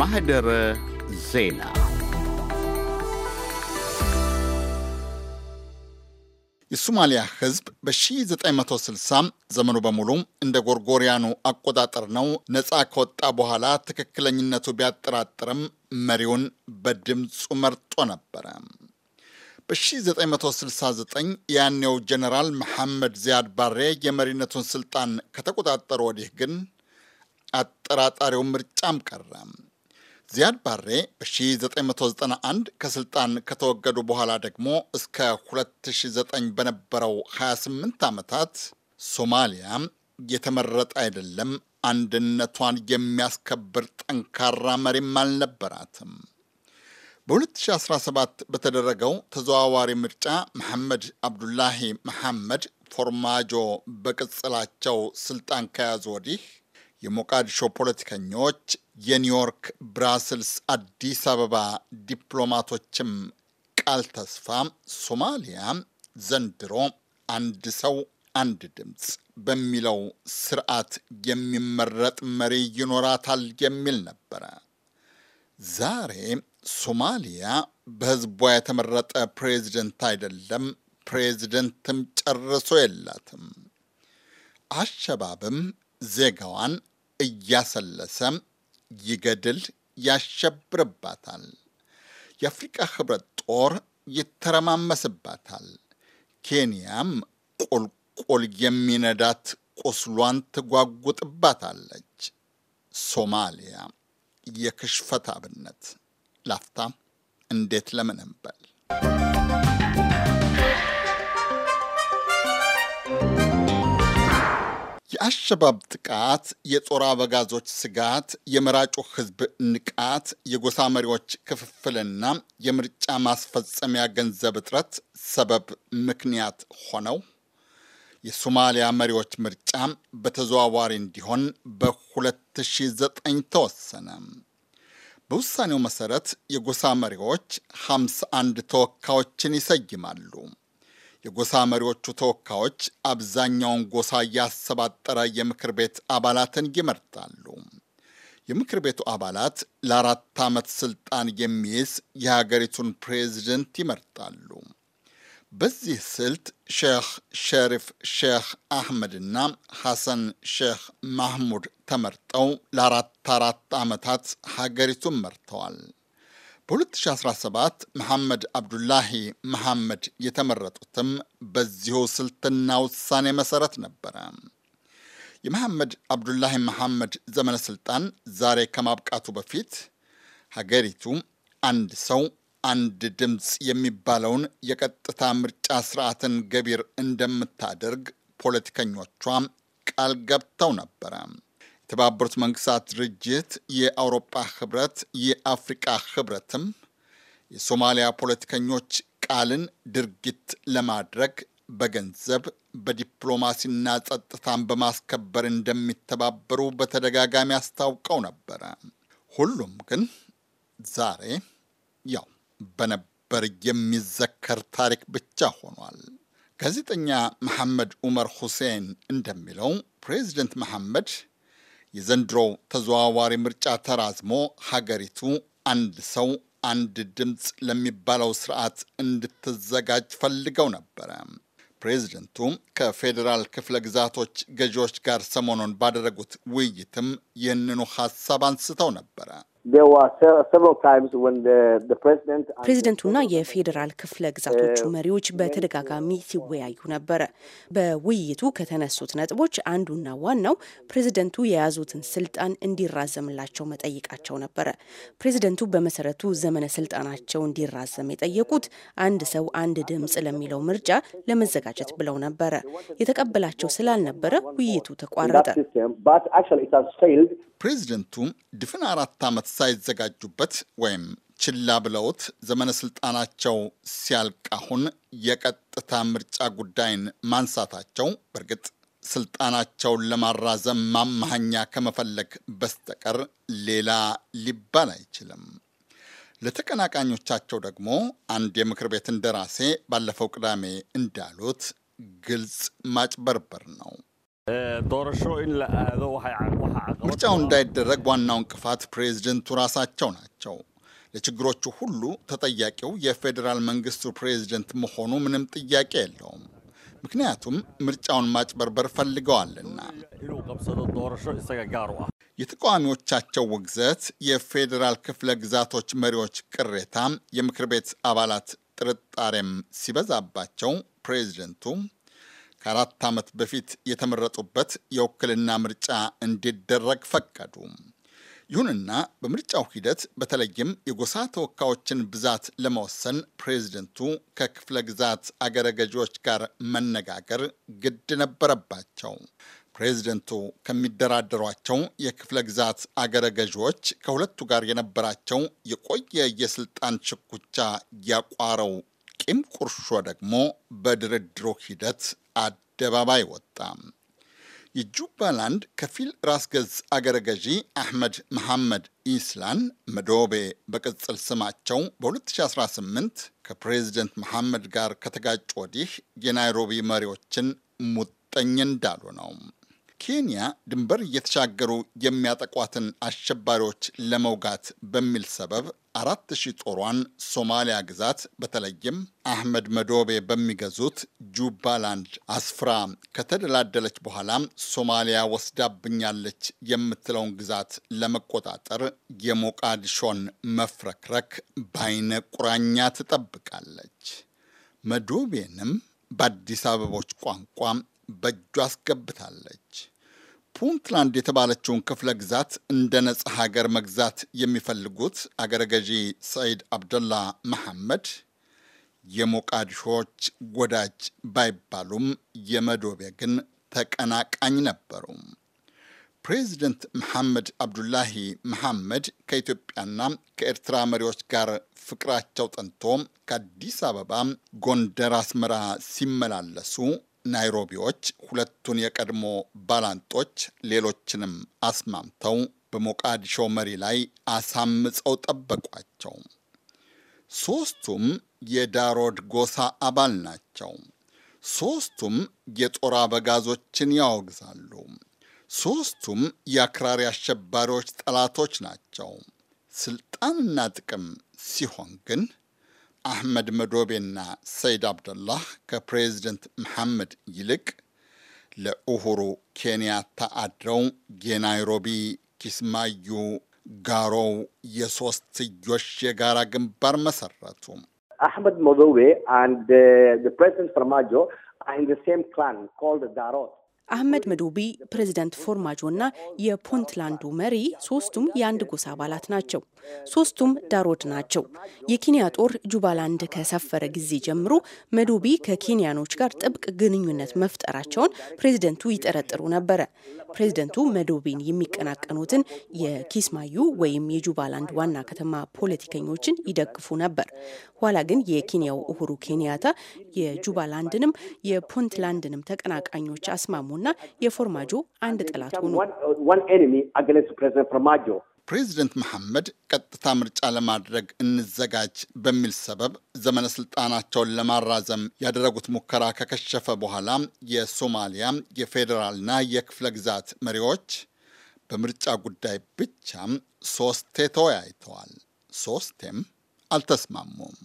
ማህደረ ዜና የሶማሊያ ህዝብ በ1960 ዘመኑ በሙሉ እንደ ጎርጎሪያኑ አቆጣጠር ነው። ነፃ ከወጣ በኋላ ትክክለኝነቱ ቢያጠራጥርም መሪውን በድምፁ መርጦ ነበረ። በ1969 ያኔው ጀነራል መሐመድ ዚያድ ባሬ የመሪነቱን ስልጣን ከተቆጣጠሩ ወዲህ ግን አጠራጣሪው ምርጫም ቀረ። ዚያድ ባሬ በ1991 ከስልጣን ከተወገዱ በኋላ ደግሞ እስከ 2009 በነበረው 28 ዓመታት ሶማሊያ የተመረጠ አይደለም፣ አንድነቷን የሚያስከብር ጠንካራ መሪም አልነበራትም። በ2017 በተደረገው ተዘዋዋሪ ምርጫ መሐመድ አብዱላሂ መሐመድ ፎርማጆ በቅጽላቸው ስልጣን ከያዙ ወዲህ የሞቃዲሾ ፖለቲከኞች፣ የኒውዮርክ፣ ብራስልስ፣ አዲስ አበባ ዲፕሎማቶችም ቃል ተስፋ ሶማሊያ ዘንድሮ አንድ ሰው አንድ ድምፅ በሚለው ስርዓት የሚመረጥ መሪ ይኖራታል የሚል ነበረ። ዛሬ ሶማሊያ በህዝቧ የተመረጠ ፕሬዚደንት አይደለም፣ ፕሬዚደንትም ጨርሶ የላትም። አሸባብም ዜጋዋን እያሰለሰ ይገድል ያሸብርባታል። የአፍሪቃ ህብረት ጦር ይተረማመስባታል። ኬንያም ቁልቁል የሚነዳት ቁስሏን ትጓጉጥባታለች። ሶማሊያ የክሽፈት አብነት ላፍታ እንዴት ለምን እንበል። የአሸባብ ጥቃት፣ የጦር አበጋዞች ስጋት፣ የመራጩ ህዝብ ንቃት፣ የጎሳ መሪዎች ክፍፍልና የምርጫ ማስፈጸሚያ ገንዘብ እጥረት ሰበብ ምክንያት ሆነው የሶማሊያ መሪዎች ምርጫ በተዘዋዋሪ እንዲሆን በ2009 ተወሰነ። በውሳኔው መሰረት የጎሳ መሪዎች 51 ተወካዮችን ይሰይማሉ። የጎሳ መሪዎቹ ተወካዮች አብዛኛውን ጎሳ እያሰባጠረ የምክር ቤት አባላትን ይመርጣሉ። የምክር ቤቱ አባላት ለአራት ዓመት ስልጣን የሚይዝ የሀገሪቱን ፕሬዝደንት ይመርጣሉ። በዚህ ስልት ሼህ ሸሪፍ ሼህ አህመድና ሐሰን ሼህ ማህሙድ ተመርጠው ለአራት አራት ዓመታት ሀገሪቱን መርተዋል። በ2017 መሐመድ አብዱላሂ መሐመድ የተመረጡትም በዚሁ ስልትና ውሳኔ መሰረት ነበረ። የመሐመድ አብዱላሂ መሐመድ ዘመነ ስልጣን ዛሬ ከማብቃቱ በፊት ሀገሪቱ አንድ ሰው አንድ ድምፅ የሚባለውን የቀጥታ ምርጫ ስርዓትን ገቢር እንደምታደርግ ፖለቲከኞቿ ቃል ገብተው ነበረ። የተባበሩት መንግስታት ድርጅት፣ የአውሮፓ ህብረት፣ የአፍሪቃ ህብረትም የሶማሊያ ፖለቲከኞች ቃልን ድርጊት ለማድረግ በገንዘብ በዲፕሎማሲና ጸጥታን በማስከበር እንደሚተባበሩ በተደጋጋሚ አስታውቀው ነበረ። ሁሉም ግን ዛሬ ያው በነበር የሚዘከር ታሪክ ብቻ ሆኗል። ጋዜጠኛ መሐመድ ዑመር ሁሴን እንደሚለው ፕሬዚደንት መሐመድ የዘንድሮው ተዘዋዋሪ ምርጫ ተራዝሞ ሀገሪቱ አንድ ሰው አንድ ድምፅ ለሚባለው ስርዓት እንድትዘጋጅ ፈልገው ነበረ። ፕሬዚደንቱ ከፌዴራል ክፍለ ግዛቶች ገዢዎች ጋር ሰሞኑን ባደረጉት ውይይትም ይህንኑ ሀሳብ አንስተው ነበረ። ፕሬዚደንቱና የፌዴራል ክፍለ ግዛቶቹ መሪዎች በተደጋጋሚ ሲወያዩ ነበረ። በውይይቱ ከተነሱት ነጥቦች አንዱና ዋናው ፕሬዚደንቱ የያዙትን ስልጣን እንዲራዘምላቸው መጠይቃቸው ነበረ። ፕሬዚደንቱ በመሰረቱ ዘመነ ስልጣናቸው እንዲራዘም የጠየቁት አንድ ሰው አንድ ድምፅ ለሚለው ምርጫ ለመዘጋጀት ብለው ነበረ። የተቀበላቸው ስላልነበረ ውይይቱ ተቋረጠ። ፕሬዚደንቱ ድፍን አራት ዓመት ሳይዘጋጁበት ወይም ችላ ብለውት ዘመነ ስልጣናቸው ሲያልቅ አሁን የቀጥታ ምርጫ ጉዳይን ማንሳታቸው በእርግጥ ስልጣናቸውን ለማራዘም ማማሃኛ ከመፈለግ በስተቀር ሌላ ሊባል አይችልም። ለተቀናቃኞቻቸው ደግሞ አንድ የምክር ቤት እንደራሴ ባለፈው ቅዳሜ እንዳሉት ግልጽ ማጭበርበር ነው። ምርጫው እንዳይደረግ ዋናው እንቅፋት ፕሬዝደንቱ ራሳቸው ናቸው። ለችግሮቹ ሁሉ ተጠያቂው የፌዴራል መንግስቱ ፕሬዝደንት መሆኑ ምንም ጥያቄ የለውም። ምክንያቱም ምርጫውን ማጭበርበር ፈልገዋልና። የተቃዋሚዎቻቸው ውግዘት፣ የፌዴራል ክፍለ ግዛቶች መሪዎች ቅሬታ፣ የምክር ቤት አባላት ጥርጣሬም ሲበዛባቸው ፕሬዝደንቱ ከአራት ዓመት በፊት የተመረጡበት የውክልና ምርጫ እንዲደረግ ፈቀዱ። ይሁንና በምርጫው ሂደት በተለይም የጎሳ ተወካዮችን ብዛት ለመወሰን ፕሬዝደንቱ ከክፍለ ግዛት አገረ ገዢዎች ጋር መነጋገር ግድ ነበረባቸው። ፕሬዝደንቱ ከሚደራደሯቸው የክፍለ ግዛት አገረ ገዢዎች ከሁለቱ ጋር የነበራቸው የቆየ የስልጣን ሽኩቻ ያቋረው ቂም ቁርሾ ደግሞ በድርድሩ ሂደት አደባባይ ወጣ። የጁባላንድ ከፊል ራስ ገዝ አገረ ገዢ አሕመድ መሐመድ ኢስላን መዶቤ በቅጽል ስማቸው በ2018 ከፕሬዚደንት መሐመድ ጋር ከተጋጩ ወዲህ የናይሮቢ መሪዎችን ሙጠኝ እንዳሉ ነው። ኬንያ ድንበር እየተሻገሩ የሚያጠቋትን አሸባሪዎች ለመውጋት በሚል ሰበብ አራት ሺህ ጦሯን ሶማሊያ ግዛት በተለይም አህመድ መዶቤ በሚገዙት ጁባላንድ አስፍራ ከተደላደለች በኋላ ሶማሊያ ወስዳብኛለች የምትለውን ግዛት ለመቆጣጠር የሞቃዲሾን መፍረክረክ በአይነ ቁራኛ ትጠብቃለች። መዶቤንም በአዲስ አበቦች ቋንቋ በእጇ አስገብታለች። ፑንትላንድ የተባለችውን ክፍለ ግዛት እንደ ነጻ ሀገር መግዛት የሚፈልጉት አገረ ገዢ ሰይድ አብደላ መሐመድ የሞቃዲሾዎች ወዳጅ ባይባሉም የመዶቤ ግን ተቀናቃኝ ነበሩ። ፕሬዚደንት መሐመድ አብዱላሂ መሐመድ ከኢትዮጵያና ከኤርትራ መሪዎች ጋር ፍቅራቸው ጠንቶ ከአዲስ አበባ ጎንደር፣ አስመራ ሲመላለሱ ናይሮቢዎች ሁለቱን የቀድሞ ባላንጦች ሌሎችንም አስማምተው በሞቃዲሾ መሪ ላይ አሳምፀው ጠበቋቸው። ሦስቱም የዳሮድ ጎሳ አባል ናቸው። ሦስቱም የጦር አበጋዞችን ያወግዛሉ። ሦስቱም የአክራሪ አሸባሪዎች ጠላቶች ናቸው። ስልጣንና ጥቅም ሲሆን ግን አህመድ መዶቤና ሰይድ አብደላህ ከፕሬዚደንት መሐመድ ይልቅ ለኡሁሩ ኬንያታ አድረው የናይሮቢ ኪስማዩ ጋሮው የሶስትዮሽ የጋራ ግንባር መሰረቱ። አህመድ መዶቤ አንድ ፕሬዚደንት ፈርማጆ ሴም ክላን ኮልድ ዳሮት አህመድ መዶቤ ፕሬዚዳንት ፎርማጆና የፑንትላንዱ መሪ ሶስቱም የአንድ ጎሳ አባላት ናቸው። ሶስቱም ዳሮድ ናቸው። የኬንያ ጦር ጁባላንድ ከሰፈረ ጊዜ ጀምሮ መዶቢ ከኬንያኖች ጋር ጥብቅ ግንኙነት መፍጠራቸውን ፕሬዝደንቱ ይጠረጥሩ ነበረ። ፕሬዝደንቱ መዶቢን የሚቀናቀኑትን የኪስማዩ ወይም የጁባላንድ ዋና ከተማ ፖለቲከኞችን ይደግፉ ነበር። ኋላ ግን የኬንያው እሁሩ ኬንያታ የጁባላንድንም የፑንትላንድንም ተቀናቃኞች አስማሙና የፎርማጆ አንድ ጠላት ሆኑ። ፕሬዚደንት መሐመድ ቀጥታ ምርጫ ለማድረግ እንዘጋጅ በሚል ሰበብ ዘመነ ስልጣናቸውን ለማራዘም ያደረጉት ሙከራ ከከሸፈ በኋላ የሶማሊያ የፌዴራልና የክፍለ ግዛት መሪዎች በምርጫ ጉዳይ ብቻም ሶስቴ ተወያይተዋል። ሶስቴም አልተስማሙም።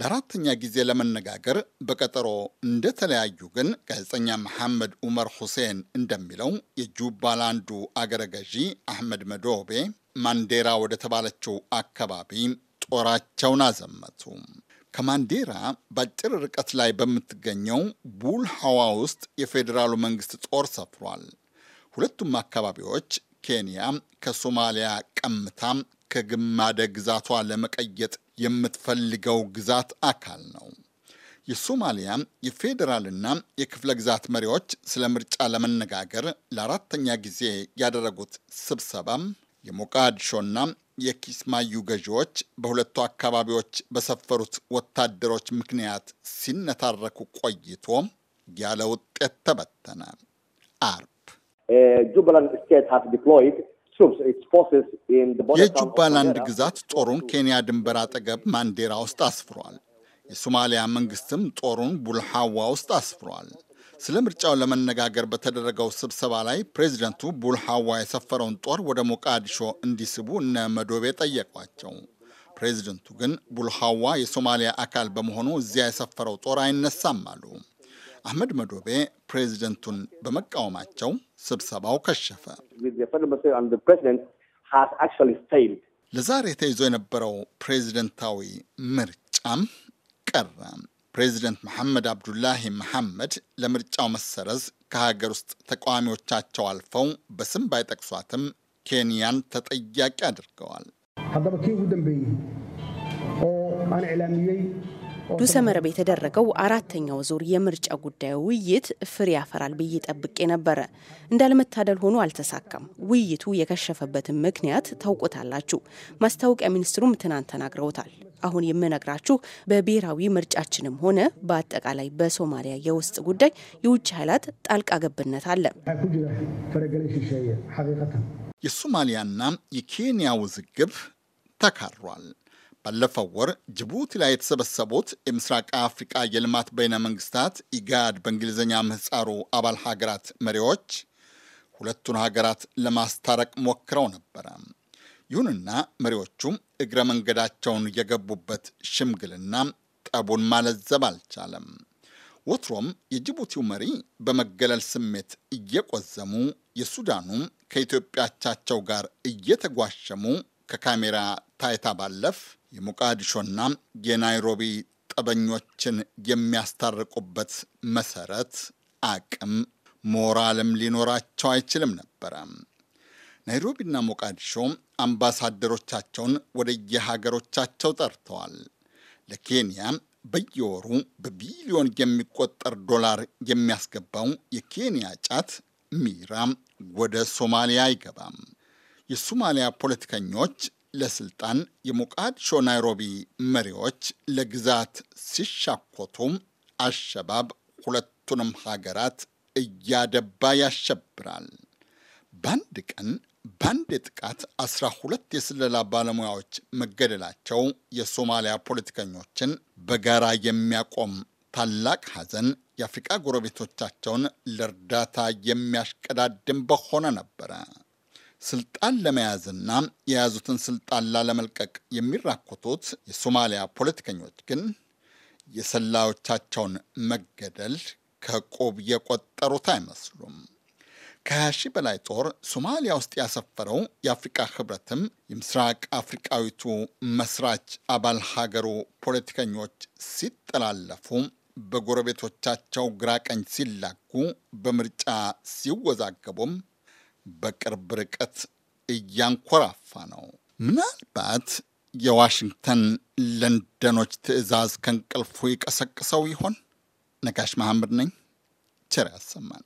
ለአራተኛ ጊዜ ለመነጋገር በቀጠሮ እንደተለያዩ ግን ጋዜጠኛ መሐመድ ኡመር ሁሴን እንደሚለው የጁባላንዱ አገረ ገዢ አህመድ መዶቤ ማንዴራ ወደ ተባለችው አካባቢ ጦራቸውን አዘመቱ። ከማንዴራ በአጭር ርቀት ላይ በምትገኘው ቡልሃዋ ውስጥ የፌዴራሉ መንግስት ጦር ሰፍሯል። ሁለቱም አካባቢዎች ኬንያ ከሶማሊያ ቀምታ ከግማደ ግዛቷ ለመቀየጥ የምትፈልገው ግዛት አካል ነው። የሶማሊያ የፌዴራልና የክፍለ ግዛት መሪዎች ስለ ምርጫ ለመነጋገር ለአራተኛ ጊዜ ያደረጉት ስብሰባ የሞቃዲሾና የኪስማዩ ገዢዎች በሁለቱ አካባቢዎች በሰፈሩት ወታደሮች ምክንያት ሲነታረኩ ቆይቶ ያለ ውጤት ተበተነ። አርብ ጁባላንድ ስቴት ዲፕሎይድ የጁባላንድ ግዛት ጦሩን ኬንያ ድንበር አጠገብ ማንዴራ ውስጥ አስፍሯል። የሶማሊያ መንግስትም ጦሩን ቡልሃዋ ውስጥ አስፍሯል። ስለ ምርጫው ለመነጋገር በተደረገው ስብሰባ ላይ ፕሬዚደንቱ ቡልሃዋ የሰፈረውን ጦር ወደ ሞቃዲሾ እንዲስቡ እነ መዶቤ ጠየቋቸው። ፕሬዚደንቱ ግን ቡልሃዋ የሶማሊያ አካል በመሆኑ እዚያ የሰፈረው ጦር አይነሳም አሉ። አህመድ መዶቤ ፕሬዚደንቱን በመቃወማቸው ስብሰባው ከሸፈ። ለዛሬ ተይዞ የነበረው ፕሬዚደንታዊ ምርጫም ቀረ። ፕሬዚደንት መሐመድ አብዱላሂ መሐመድ ለምርጫው መሰረዝ ከሀገር ውስጥ ተቃዋሚዎቻቸው አልፈው በስም ባይጠቅሷትም ኬንያን ተጠያቂ አድርገዋል። ዱሰመረብ የተደረገው አራተኛው ዙር የምርጫ ጉዳይ ውይይት ፍሬ ያፈራል ብዬ ጠብቄ ነበረ። እንዳለመታደል ሆኖ አልተሳካም። ውይይቱ የከሸፈበትን ምክንያት ታውቆታላችሁ። ማስታወቂያ ሚኒስትሩም ትናንት ተናግረውታል። አሁን የምነግራችሁ በብሔራዊ ምርጫችንም ሆነ በአጠቃላይ በሶማሊያ የውስጥ ጉዳይ የውጭ ኃይላት ጣልቃ ገብነት አለ። የሶማሊያና የኬንያ ውዝግብ ተካሯል። ባለፈው ወር ጅቡቲ ላይ የተሰበሰቡት የምስራቅ አፍሪቃ የልማት በይነ መንግስታት ኢጋድ በእንግሊዝኛ ምህፃሩ አባል ሀገራት መሪዎች ሁለቱን ሀገራት ለማስታረቅ ሞክረው ነበረ። ይሁንና መሪዎቹም እግረ መንገዳቸውን የገቡበት ሽምግልና ጠቡን ማለዘብ አልቻለም። ወትሮም የጅቡቲው መሪ በመገለል ስሜት እየቆዘሙ፣ የሱዳኑም ከኢትዮጵያቻቸው ጋር እየተጓሸሙ ከካሜራ ታይታ ባለፍ የሞቃዲሾና የናይሮቢ ጠበኞችን የሚያስታርቁበት መሰረት፣ አቅም፣ ሞራልም ሊኖራቸው አይችልም ነበረ። ናይሮቢና ሞቃዲሾ አምባሳደሮቻቸውን ወደየሀገሮቻቸው ጠርተዋል። ለኬንያ በየወሩ በቢሊዮን የሚቆጠር ዶላር የሚያስገባው የኬንያ ጫት ሚራ ወደ ሶማሊያ አይገባም። የሶማሊያ ፖለቲከኞች ለስልጣን የሞቃዲሾ ናይሮቢ መሪዎች ለግዛት ሲሻኮቱም አሸባብ ሁለቱንም ሀገራት እያደባ ያሸብራል። በአንድ ቀን በአንድ የጥቃት አስራ ሁለት የስለላ ባለሙያዎች መገደላቸው የሶማሊያ ፖለቲከኞችን በጋራ የሚያቆም ታላቅ ሐዘን የአፍሪቃ ጎረቤቶቻቸውን ለእርዳታ የሚያሽቀዳድም በሆነ ነበረ። ስልጣን ለመያዝና የያዙትን ስልጣን ላለመልቀቅ የሚራኮቱት የሶማሊያ ፖለቲከኞች ግን የሰላዮቻቸውን መገደል ከቁብ የቆጠሩት አይመስሉም። ሺህ በላይ ጦር ሶማሊያ ውስጥ ያሰፈረው የአፍሪቃ ህብረትም የምስራቅ አፍሪቃዊቱ መስራች አባል ሀገሩ ፖለቲከኞች ሲጠላለፉ፣ በጎረቤቶቻቸው ግራ ቀኝ ሲላኩ፣ በምርጫ ሲወዛገቡም በቅርብ ርቀት እያንኮራፋ ነው። ምናልባት የዋሽንግተን ለንደኖች ትዕዛዝ ከእንቅልፉ ይቀሰቅሰው ይሆን? ነጋሽ መሐመድ ነኝ። ቸር ያሰማን።